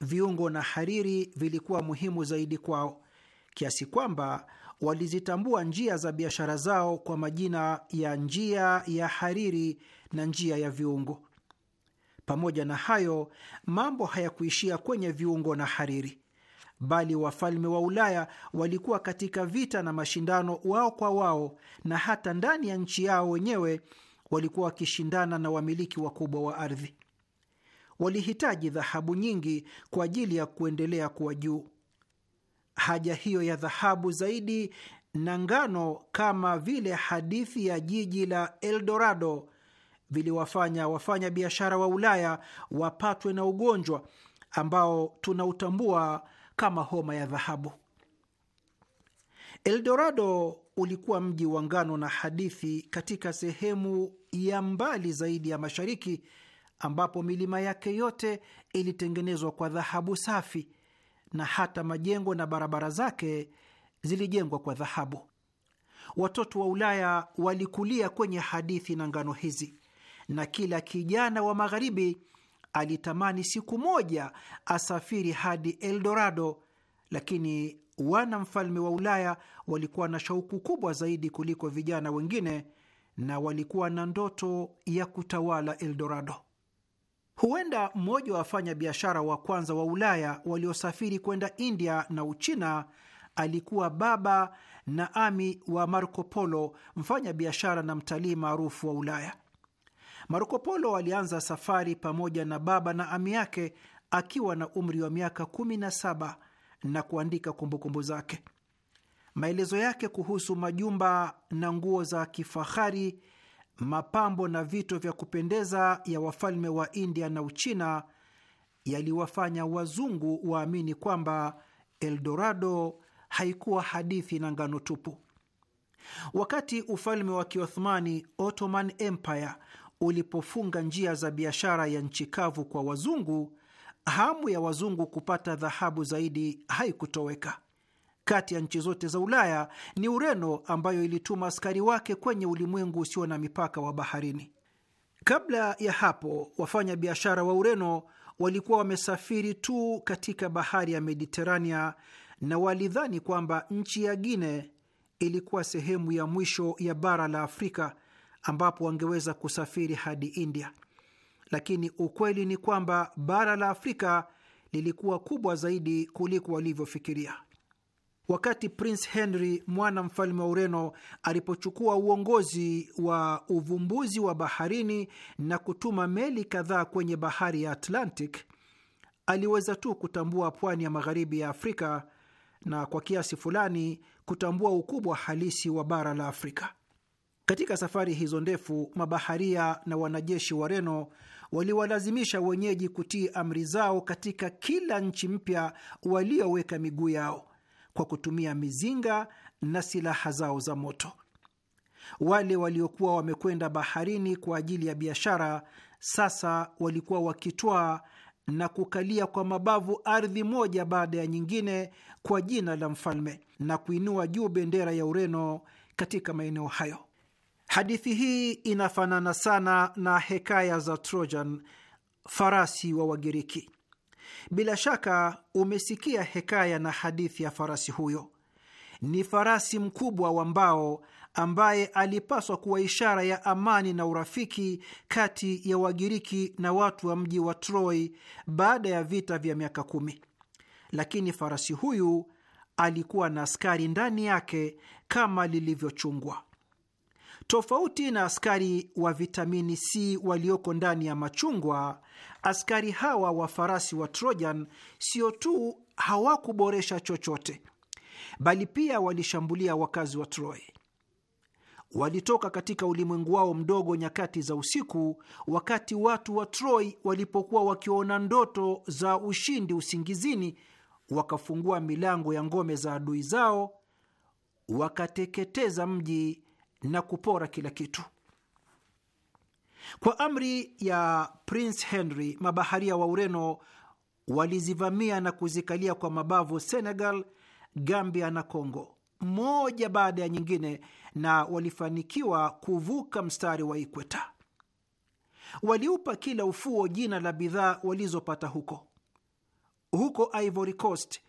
viungo na hariri vilikuwa muhimu zaidi kwao, kiasi kwamba walizitambua njia za biashara zao kwa majina ya njia ya hariri na njia ya viungo. Pamoja na hayo, mambo hayakuishia kwenye viungo na hariri bali wafalme wa Ulaya walikuwa katika vita na mashindano wao kwa wao, na hata ndani ya nchi yao wenyewe walikuwa wakishindana na wamiliki wakubwa wa ardhi. Walihitaji dhahabu nyingi kwa ajili ya kuendelea kuwa juu. Haja hiyo ya dhahabu zaidi na ngano, kama vile hadithi ya jiji la Eldorado, viliwafanya wafanya biashara wa Ulaya wapatwe na ugonjwa ambao tunautambua kama homa ya dhahabu. Eldorado ulikuwa mji wa ngano na hadithi katika sehemu ya mbali zaidi ya mashariki, ambapo milima yake yote ilitengenezwa kwa dhahabu safi na hata majengo na barabara zake zilijengwa kwa dhahabu. Watoto wa Ulaya walikulia kwenye hadithi na ngano hizi, na kila kijana wa Magharibi alitamani siku moja asafiri hadi Eldorado, lakini wana mfalme wa Ulaya walikuwa na shauku kubwa zaidi kuliko vijana wengine na walikuwa na ndoto ya kutawala Eldorado. Huenda mmoja wa wafanya biashara wa kwanza wa Ulaya waliosafiri kwenda India na Uchina alikuwa baba na ami wa Marco Polo, mfanya biashara na mtalii maarufu wa Ulaya. Marco Polo alianza safari pamoja na baba na ami yake akiwa na umri wa miaka 17 na kuandika kumbukumbu zake. Maelezo yake kuhusu majumba na nguo za kifahari, mapambo na vito vya kupendeza ya wafalme wa India na Uchina yaliwafanya wazungu waamini kwamba Eldorado haikuwa hadithi na ngano tupu. Wakati ufalme wa Kiothmani, Ottoman Empire, ulipofunga njia za biashara ya nchi kavu kwa wazungu, hamu ya wazungu kupata dhahabu zaidi haikutoweka. Kati ya nchi zote za Ulaya ni Ureno ambayo ilituma askari wake kwenye ulimwengu usio na mipaka wa baharini. Kabla ya hapo, wafanya biashara wa Ureno walikuwa wamesafiri tu katika bahari ya Mediterania na walidhani kwamba nchi ya Guine ilikuwa sehemu ya mwisho ya bara la Afrika ambapo wangeweza kusafiri hadi India, lakini ukweli ni kwamba bara la Afrika lilikuwa kubwa zaidi kuliko walivyofikiria. Wakati Prince Henry, mwana mfalme wa Ureno, alipochukua uongozi wa uvumbuzi wa baharini na kutuma meli kadhaa kwenye bahari ya Atlantic, aliweza tu kutambua pwani ya magharibi ya Afrika na kwa kiasi fulani kutambua ukubwa halisi wa bara la Afrika. Katika safari hizo ndefu, mabaharia na wanajeshi wa reno waliwalazimisha wenyeji kutii amri zao katika kila nchi mpya walioweka miguu yao kwa kutumia mizinga na silaha zao za moto. Wale waliokuwa wamekwenda baharini kwa ajili ya biashara sasa walikuwa wakitwaa na kukalia kwa mabavu ardhi moja baada ya nyingine kwa jina la mfalme na kuinua juu bendera ya Ureno katika maeneo hayo. Hadithi hii inafanana sana na hekaya za Trojan, farasi wa Wagiriki. Bila shaka umesikia hekaya na hadithi ya farasi huyo. Ni farasi mkubwa wa mbao ambaye alipaswa kuwa ishara ya amani na urafiki kati ya Wagiriki na watu wa mji wa Troy baada ya vita vya miaka kumi, lakini farasi huyu alikuwa na askari ndani yake kama lilivyochungwa. Tofauti na askari wa vitamini C walioko ndani ya machungwa, askari hawa wa farasi wa Trojan sio tu hawakuboresha chochote, bali pia walishambulia wakazi wa Troy. Walitoka katika ulimwengu wao mdogo nyakati za usiku, wakati watu wa Troy walipokuwa wakiona ndoto za ushindi usingizini, wakafungua milango ya ngome za adui zao, wakateketeza mji na kupora kila kitu. Kwa amri ya Prince Henry, mabaharia wa Ureno walizivamia na kuzikalia kwa mabavu Senegal, Gambia na congo moja baada ya nyingine, na walifanikiwa kuvuka mstari wa ikweta. Waliupa kila ufuo jina la bidhaa walizopata huko. Huko Ivory Coast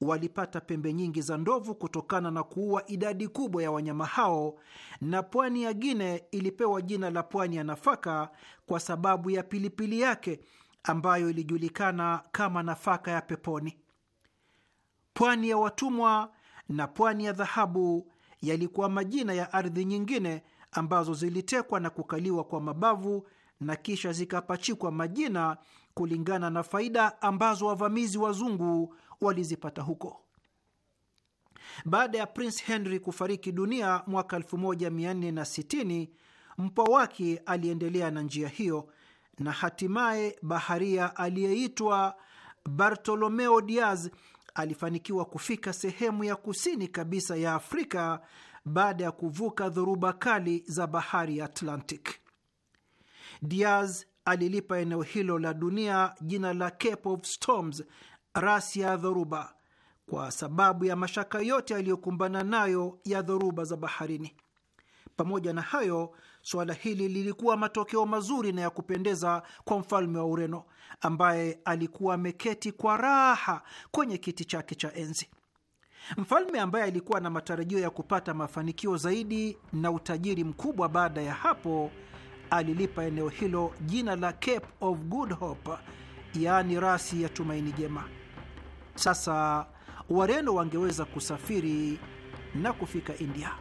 walipata pembe nyingi za ndovu kutokana na kuua idadi kubwa ya wanyama hao, na pwani ya Gine ilipewa jina la pwani ya nafaka kwa sababu ya pilipili yake ambayo ilijulikana kama nafaka ya peponi. Pwani ya watumwa na pwani ya dhahabu yalikuwa majina ya ardhi nyingine ambazo zilitekwa na kukaliwa kwa mabavu na kisha zikapachikwa majina kulingana na faida ambazo wavamizi wazungu walizipata huko. Baada ya Prince Henry kufariki dunia mwaka 1460, mpwa wake aliendelea na njia hiyo na hatimaye baharia aliyeitwa Bartolomeo Diaz alifanikiwa kufika sehemu ya kusini kabisa ya Afrika baada ya kuvuka dhoruba kali za bahari ya Atlantic. Diaz alilipa eneo hilo la dunia jina la Cape of Storms rasi ya dhoruba kwa sababu ya mashaka yote aliyokumbana nayo ya dhoruba za baharini. Pamoja na hayo, suala hili lilikuwa matokeo mazuri na ya kupendeza kwa mfalme wa Ureno ambaye alikuwa ameketi kwa raha kwenye kiti chake cha enzi. Mfalme ambaye alikuwa na matarajio ya kupata mafanikio zaidi na utajiri mkubwa baada ya hapo, alilipa eneo hilo jina la Cape of Good Hope, yaani rasi ya tumaini jema. Sasa Wareno wangeweza kusafiri na kufika India.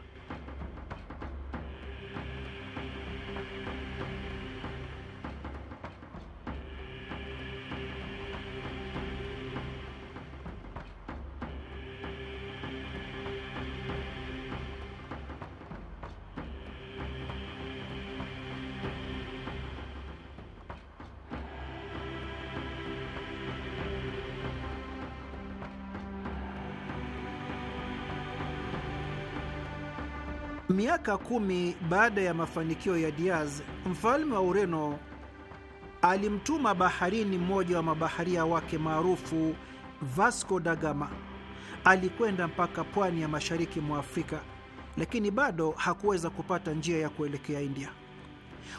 miaka kumi baada ya mafanikio ya Diaz, mfalme wa Ureno alimtuma baharini mmoja wa mabaharia wake maarufu Vasco da Gama. Alikwenda mpaka pwani ya mashariki mwa Afrika, lakini bado hakuweza kupata njia ya kuelekea India.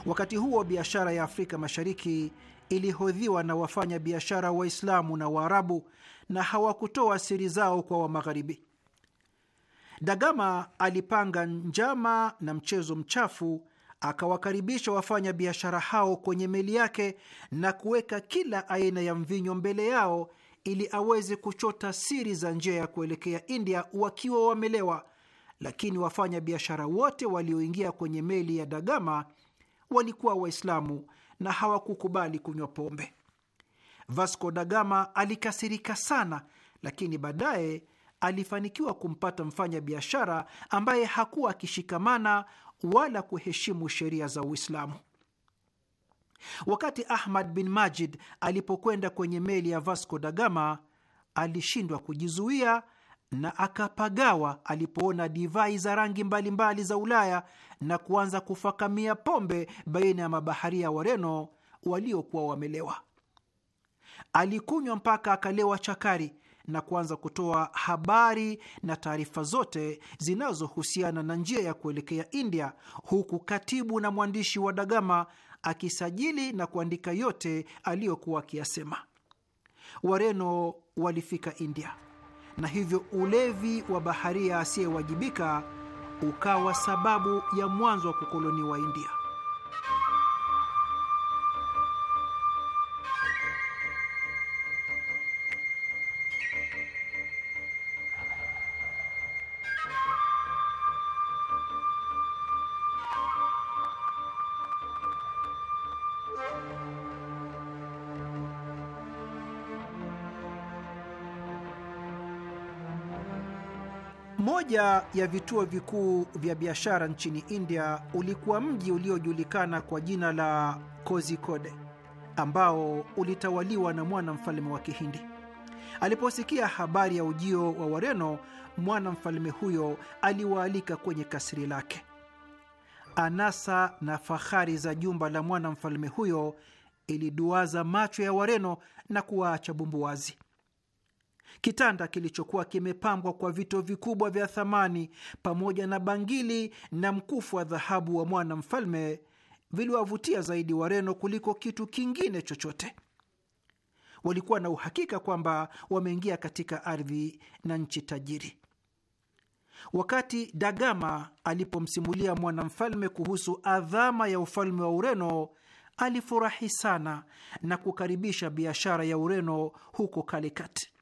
Wakati huo biashara ya Afrika Mashariki ilihodhiwa na wafanya biashara Waislamu na Waarabu, na hawakutoa siri zao kwa Wamagharibi. Dagama alipanga njama na mchezo mchafu, akawakaribisha wafanya biashara hao kwenye meli yake na kuweka kila aina ya mvinyo mbele yao ili aweze kuchota siri za njia ya kuelekea India wakiwa wamelewa. Lakini wafanya biashara wote walioingia kwenye meli ya Dagama walikuwa Waislamu na hawakukubali kunywa pombe. Vasco da Gama alikasirika sana, lakini baadaye alifanikiwa kumpata mfanya biashara ambaye hakuwa akishikamana wala kuheshimu sheria za Uislamu. Wakati Ahmad bin Majid alipokwenda kwenye meli ya Vasco da Gama, alishindwa kujizuia na akapagawa alipoona divai za rangi mbalimbali mbali za Ulaya na kuanza kufakamia pombe baina ya mabaharia Wareno waliokuwa wamelewa. Alikunywa mpaka akalewa chakari na kuanza kutoa habari na taarifa zote zinazohusiana na njia ya kuelekea India, huku katibu na mwandishi wa Dagama akisajili na kuandika yote aliyokuwa akiyasema. Wareno walifika India na hivyo ulevi wa baharia asiyewajibika ukawa sababu ya mwanzo wa kukoloniwa India. moja ya vituo vikuu vya biashara nchini India ulikuwa mji uliojulikana kwa jina la kozikode ambao ulitawaliwa na mwana mfalme wa Kihindi. Aliposikia habari ya ujio wa Wareno, mwana mfalme huyo aliwaalika kwenye kasri lake. Anasa na fahari za jumba la mwana mfalme huyo iliduaza macho ya Wareno na kuwaacha bumbu wazi kitanda kilichokuwa kimepambwa kwa vito vikubwa vya thamani pamoja na bangili na mkufu wa dhahabu wa mwana mfalme viliwavutia zaidi Wareno kuliko kitu kingine chochote. Walikuwa na uhakika kwamba wameingia katika ardhi na nchi tajiri. Wakati Dagama alipomsimulia mwanamfalme kuhusu adhama ya ufalme wa Ureno, alifurahi sana na kukaribisha biashara ya Ureno huko Kalikati.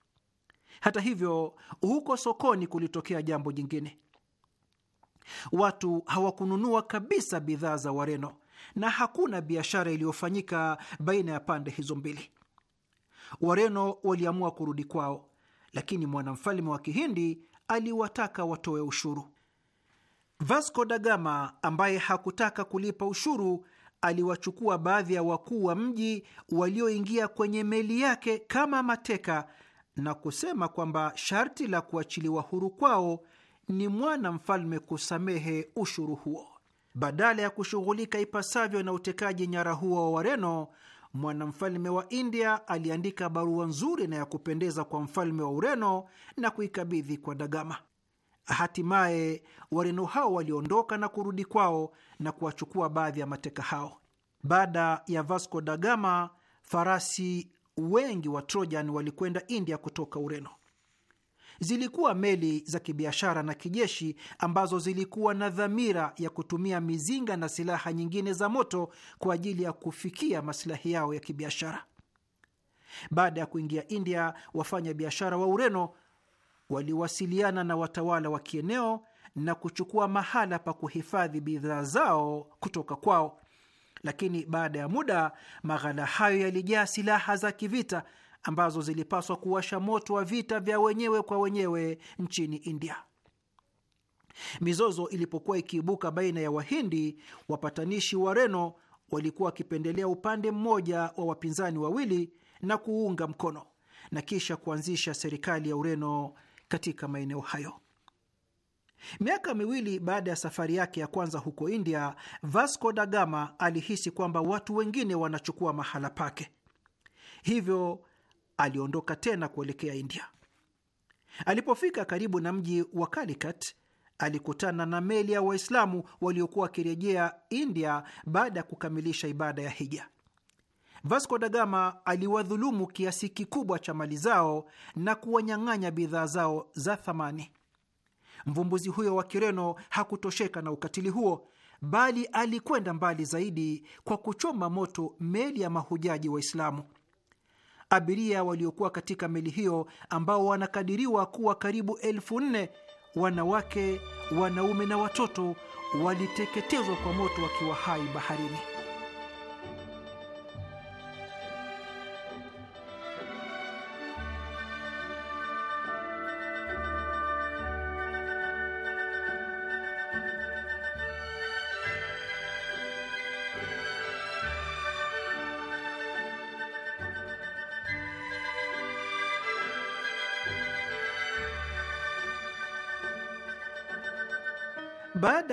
Hata hivyo, huko sokoni kulitokea jambo jingine. Watu hawakununua kabisa bidhaa za Wareno na hakuna biashara iliyofanyika baina ya pande hizo mbili. Wareno waliamua kurudi kwao, lakini mwanamfalme wa Kihindi aliwataka watoe ushuru. Vasco da Gama ambaye hakutaka kulipa ushuru aliwachukua baadhi ya wakuu wa mji walioingia kwenye meli yake kama mateka na kusema kwamba sharti la kuachiliwa huru kwao ni mwana mfalme kusamehe ushuru huo. Badala ya kushughulika ipasavyo na utekaji nyara huo wa Wareno, mwanamfalme wa India aliandika barua nzuri na ya kupendeza kwa mfalme wa Ureno na kuikabidhi kwa Dagama. Hatimaye Wareno hao waliondoka na kurudi kwao na kuwachukua baadhi ya mateka hao. Baada ya Vasco Gama, farasi wengi wa Trojan walikwenda India kutoka Ureno. Zilikuwa meli za kibiashara na kijeshi ambazo zilikuwa na dhamira ya kutumia mizinga na silaha nyingine za moto kwa ajili ya kufikia masilahi yao ya kibiashara. Baada ya kuingia India, wafanya biashara wa Ureno waliwasiliana na watawala wa kieneo na kuchukua mahala pa kuhifadhi bidhaa zao kutoka kwao lakini baada ya muda maghala hayo yalijaa silaha za kivita ambazo zilipaswa kuwasha moto wa vita vya wenyewe kwa wenyewe nchini India. Mizozo ilipokuwa ikiibuka baina ya Wahindi, wapatanishi Wareno walikuwa wakipendelea upande mmoja wa wapinzani wawili na kuunga mkono na kisha kuanzisha serikali ya Ureno katika maeneo hayo. Miaka miwili baada ya safari yake ya kwanza huko India, Vasco da Gama alihisi kwamba watu wengine wanachukua mahala pake, hivyo aliondoka tena kuelekea India. Alipofika karibu na mji wa Calicut, alikutana na meli ya Waislamu waliokuwa wakirejea India baada ya kukamilisha ibada ya hija. Vasco da Gama aliwadhulumu kiasi kikubwa cha mali zao na kuwanyang'anya bidhaa zao za thamani. Mvumbuzi huyo wa Kireno hakutosheka na ukatili huo, bali alikwenda mbali zaidi kwa kuchoma moto meli ya mahujaji Waislamu. Abiria waliokuwa katika meli hiyo ambao wanakadiriwa kuwa karibu elfu nne wanawake, wanaume na watoto waliteketezwa kwa moto wakiwa hai baharini.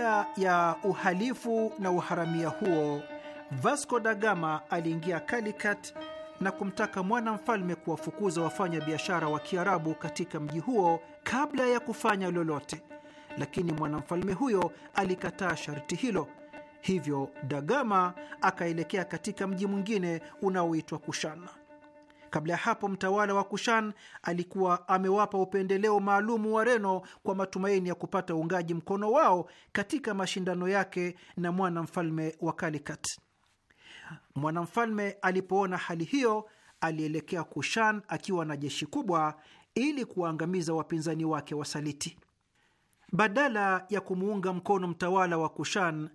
Baada ya uhalifu na uharamia huo, Vasco da Gama aliingia Calicut na kumtaka mwanamfalme kuwafukuza wafanya biashara wa Kiarabu katika mji huo kabla ya kufanya lolote, lakini mwanamfalme huyo alikataa sharti hilo. Hivyo Dagama akaelekea katika mji mwingine unaoitwa Kushana. Kabla ya hapo, mtawala wa Kushan alikuwa amewapa upendeleo maalumu Wareno kwa matumaini ya kupata uungaji mkono wao katika mashindano yake na mwanamfalme wa kalikat Mwanamfalme alipoona hali hiyo, alielekea Kushan akiwa na jeshi kubwa ili kuwaangamiza wapinzani wake wasaliti. Badala ya kumuunga mkono mtawala wa Kushan,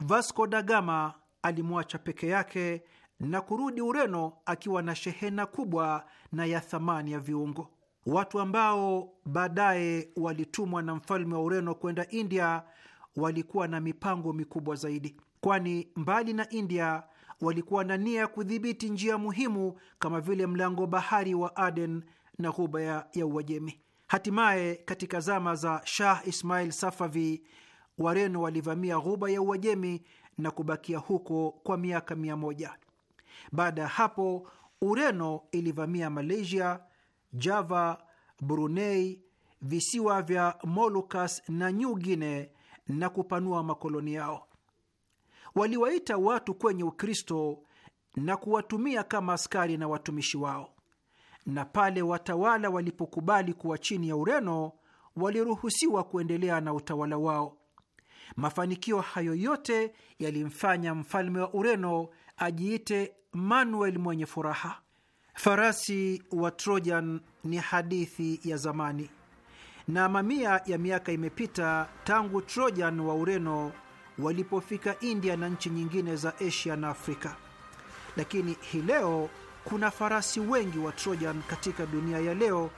Vasco da Gama alimwacha peke yake na kurudi Ureno akiwa na shehena kubwa na ya thamani ya viungo. Watu ambao baadaye walitumwa na mfalme wa Ureno kwenda India walikuwa na mipango mikubwa zaidi, kwani mbali na India walikuwa na nia ya kudhibiti njia muhimu kama vile mlango bahari wa Aden na ghuba ya Uajemi. Hatimaye, katika zama za Shah Ismail Safavi, Wareno walivamia ghuba ya Uajemi na kubakia huko kwa miaka mia moja. Baada ya hapo, Ureno ilivamia Malaysia, Java, Brunei, visiwa vya Molukas na New Guinea na kupanua makoloni yao. Waliwaita watu kwenye Ukristo na kuwatumia kama askari na watumishi wao, na pale watawala walipokubali kuwa chini ya Ureno waliruhusiwa kuendelea na utawala wao. Mafanikio hayo yote yalimfanya mfalme wa Ureno ajiite Manuel mwenye furaha, farasi wa Trojan ni hadithi ya zamani, na mamia ya miaka imepita tangu Trojan wa Ureno walipofika India na nchi nyingine za Asia na Afrika, lakini hii leo kuna farasi wengi wa Trojan katika dunia ya leo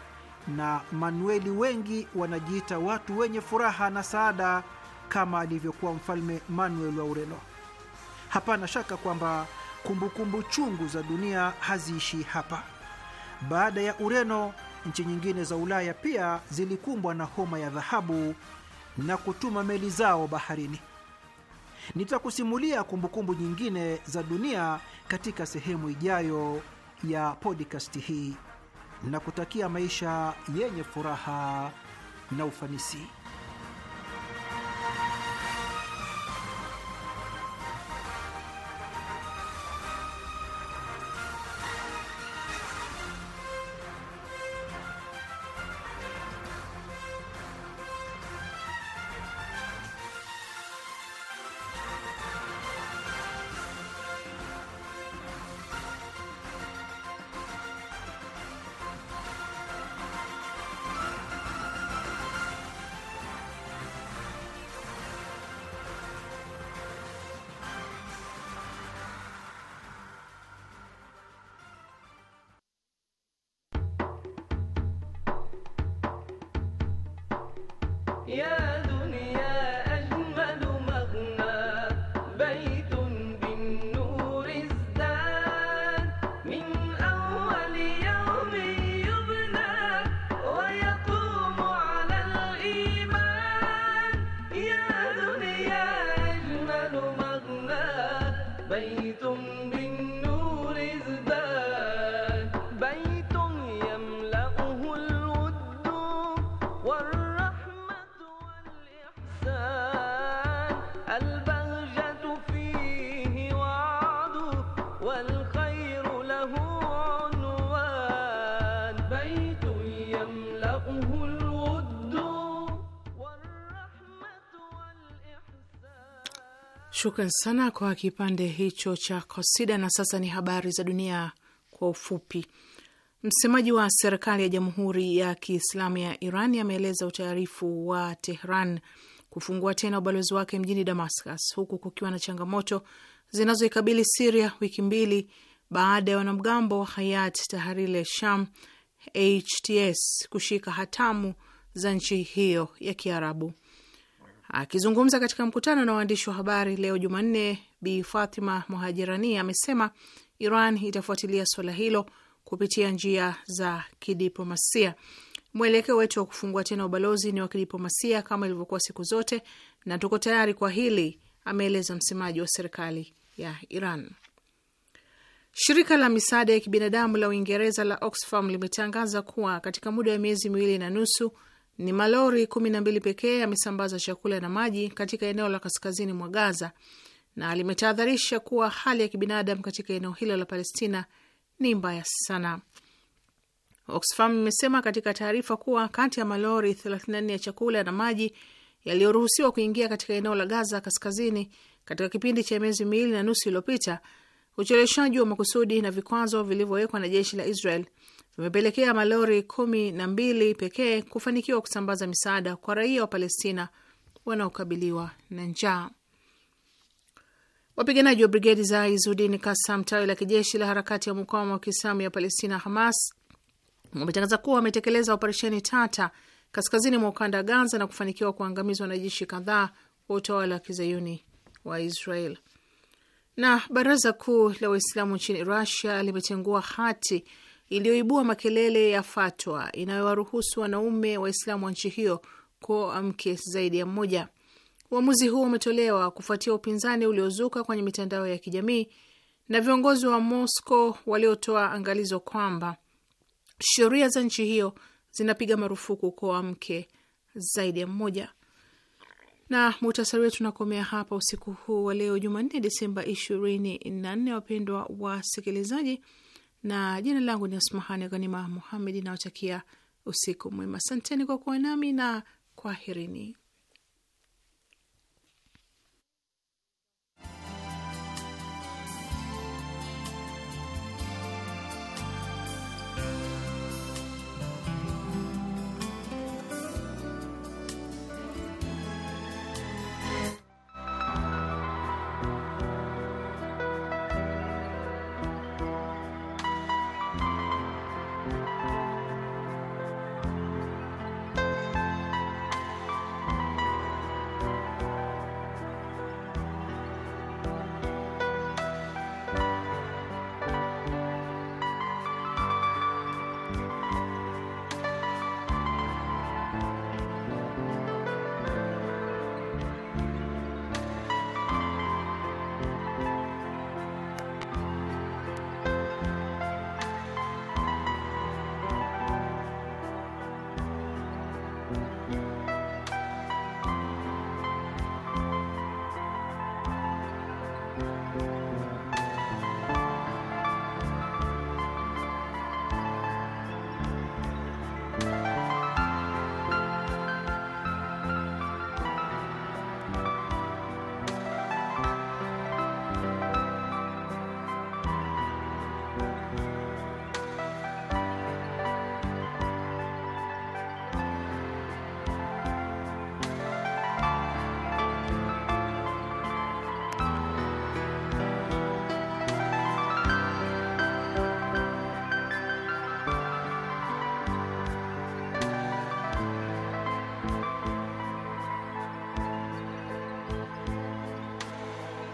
na Manueli wengi wanajiita watu wenye furaha na saada kama alivyokuwa mfalme Manuel wa Ureno. Hapana shaka kwamba kumbukumbu chungu za dunia haziishi hapa. Baada ya Ureno, nchi nyingine za Ulaya pia zilikumbwa na homa ya dhahabu na kutuma meli zao baharini. Nitakusimulia kumbukumbu nyingine za dunia katika sehemu ijayo ya podcast hii, na kutakia maisha yenye furaha na ufanisi. Shukran sana kwa kipande hicho cha kosida. Na sasa ni habari za dunia kwa ufupi. Msemaji wa serikali ya Jamhuri ya Kiislamu ya Iran ameeleza utaarifu wa Tehran kufungua tena ubalozi wake mjini Damascus huku kukiwa na changamoto zinazoikabili Siria wiki mbili baada ya wanamgambo wa Hayat Tahrir al-Sham HTS kushika hatamu za nchi hiyo ya Kiarabu. Akizungumza katika mkutano na waandishi wa habari leo Jumanne, Bi Fatima Mohajirani amesema Iran itafuatilia suala hilo kupitia njia za kidiplomasia. Mwelekeo wetu wa kufungua tena ubalozi ni wa kidiplomasia kama ilivyokuwa siku zote, na tuko tayari kwa hili, ameeleza msemaji wa serikali ya Iran. Shirika la misaada ya kibinadamu la Uingereza la Oxfam limetangaza kuwa katika muda wa miezi miwili na nusu ni malori kumi na mbili pekee yamesambaza chakula na maji katika eneo la kaskazini mwa Gaza, na limetahadharisha kuwa hali ya kibinadamu katika eneo hilo la Palestina ni mbaya sana. Oxfam imesema katika taarifa kuwa kati ya malori 34 ya chakula na maji yaliyoruhusiwa kuingia katika eneo la Gaza kaskazini katika kipindi cha miezi miwili na nusu iliyopita, ucheleweshaji wa makusudi na vikwazo vilivyowekwa na jeshi la Israel vimepelekea malori kumi na mbili pekee kufanikiwa kusambaza misaada kwa raia wa Palestina wanaokabiliwa na njaa. Wapiganaji wa brigedi za Izudin Kasam, tawi la kijeshi la harakati ya mukawama wa kiislamu ya Palestina, Hamas, wametangaza kuwa wametekeleza operesheni tata kaskazini mwa ukanda wa Gaza na kufanikiwa kuangamiza wanajeshi kadhaa wa utawala wa kizayuni wa Israel. Na baraza kuu la Waislamu nchini Rusia limetengua hati iliyoibua makelele ya fatwa inayowaruhusu wanaume Waislamu wa nchi hiyo kuoa mke zaidi ya mmoja. Uamuzi huo umetolewa kufuatia upinzani uliozuka kwenye mitandao ya kijamii na viongozi wa Moscow waliotoa angalizo kwamba sheria za nchi hiyo zinapiga marufuku kuoa mke zaidi ya mmoja. Na muhtasari wetu tunakomea hapa usiku huu wa leo Jumanne, Desemba nne. Wapendwa wasikilizaji na jina langu ni Asmahani Ghanima Muhamedi. Nawatakia usiku mwema, asanteni kwa kuwa nami na kwaherini.